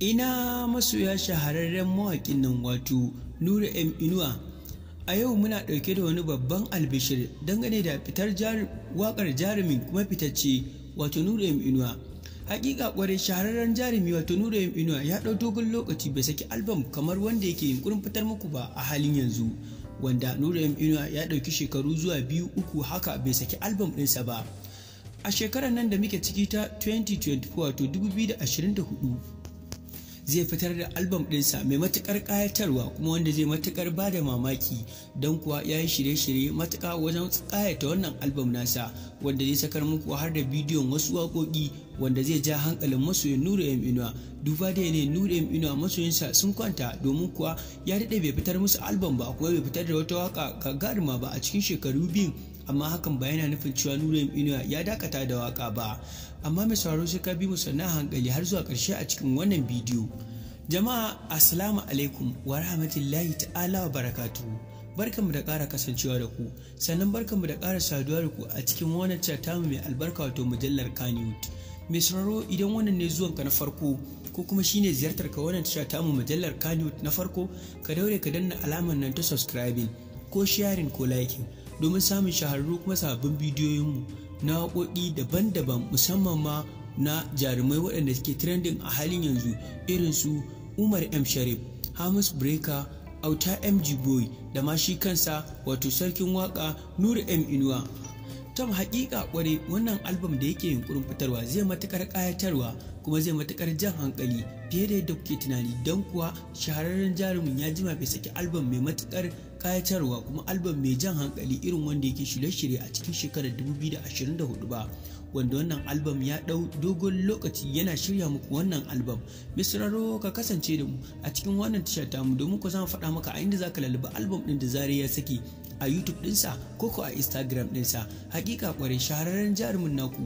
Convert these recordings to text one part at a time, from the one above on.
ina masoya shahararren mawaƙin nan wato nura m inuwa a yau muna ɗauke da wani babban albishir dangane da fitar waƙar jarumin kuma fitacce wato nura m inuwa hakika kwarai shahararren jarumi wato nura m inuwa ya ɗau dogon lokaci bai saki albam kamar wanda yake yunkurin fitar muku ba a halin yanzu wanda nura m inuwa ya ɗauki shekaru zuwa biyu uku haka bai saki albam ɗinsa ba a shekarar nan da muke ciki ta 2024 wato 2024 zai fitar da albam ɗinsa mai matukar ƙayatarwa kuma wanda zai matukar ba da mamaki don kuwa ya yi shirye-shirye matuƙa wajen ƙayata wannan albam nasa wanda zai sakar muku har da bidiyon wasu waƙoƙi wanda zai ja hankalin masoyin nura yam inuwa duba da yanayin nura yam inuwa masoyinsa sun kwanta domin kuwa ya daɗe bai fitar musu albam ba kuma bai fitar da wata waka waƙa ma ba a cikin shekaru biyu amma hakan ba yana nufin cewa nuna Inuwa ya dakata da waka ba amma mai sauraro sai ka bi mu sannan hankali har zuwa ƙarshe a cikin wannan bidiyo jama'a assalamu alaikum wa rahmatullahi ta'ala wa barakatuhu barkanmu da ƙara kasancewa da ku sannan barkanmu da ƙara saduwa da ku a cikin wannan tamu mai albarka wato mujallar Kannywood mai sauraro idan wannan ne zuwanka na farko ko kuma shine ziyartar ka wannan chat mujallar Kannywood na farko ka daure ka danna alamar nan ta subscribing ko sharing ko liking domin samun shahararru kuma sabbin bidiyoyinmu na waƙoƙi daban-daban musamman ma na jarumai waɗanda suke trending a halin yanzu irin su umar m sharif hamus breaker auta mg boy da ma shi kansa wato sarkin waka nura m inuwa tom haƙiƙa ƙware wannan albam da yake yunkurin fitarwa zai matuƙar kayatarwa kuma zai matuƙar jan hankali fiye da yadda kuke tunani don kuwa shahararren jarumin ya jima bai saki albam mai matuƙar kayatarwa kuma albam mai jan hankali irin wanda yake shirye-shirye a cikin shekarar 2024 ba wanda wannan albam ya dau dogon lokaci yana shirya muku wannan albam misraro ka kasance da mu a cikin wannan ta tamu domin ku zama faɗa maka a inda zaka laluba albam ɗin da zare ya saki a youtube ɗinsa ko ko a instagram ɗinsa hakika kwarai shahararren jarumin naku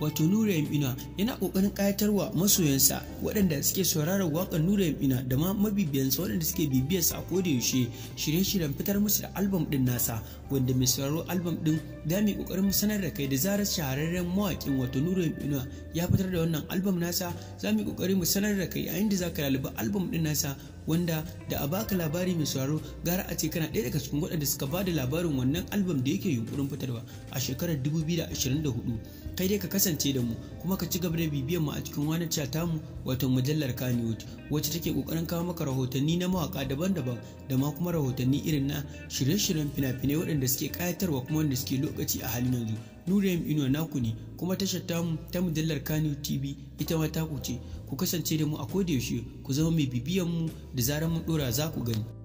wato nura yamina yana kokarin kayatarwa masoyansa waɗanda suke sauraron waƙar nura yamina da ma mabibiyansa waɗanda suke bibiyarsa a koda yaushe shirye-shiryen fitar musu da albam ɗin nasa wanda mai sauraro albam ɗin da mai kokarin sanar da kai da zarar shahararren mawaƙin wato nura yamina ya fitar da wannan albam nasa za mu kokari mu sanar da kai yayin da ka lalubi albam ɗin nasa wanda da a baka labari mai sauraro gara a ce kana ɗaya daga cikin waɗanda suka ba da labarin wannan albam da yake yunkurin fitarwa a shekarar 2024 kai dai ka kasance da mu kuma ka ci gaba da bibiyan mu a cikin wani tamu wato mujallar Kaniwood wacce take kokarin kawo maka rahotanni na mawaka daban-daban da ma kuma rahotanni irin na shirye-shiryen fina-finai waɗanda suke kayatarwa kuma wanda suke lokaci a halin yanzu Nuriyam Ino naku ne kuma tashar mu ta mujallar Kaniwood TV ita ma ta ce ku kasance da mu a kodayaushe yaushe ku zama mai bibiyan mu da zarar mun dora za ku gani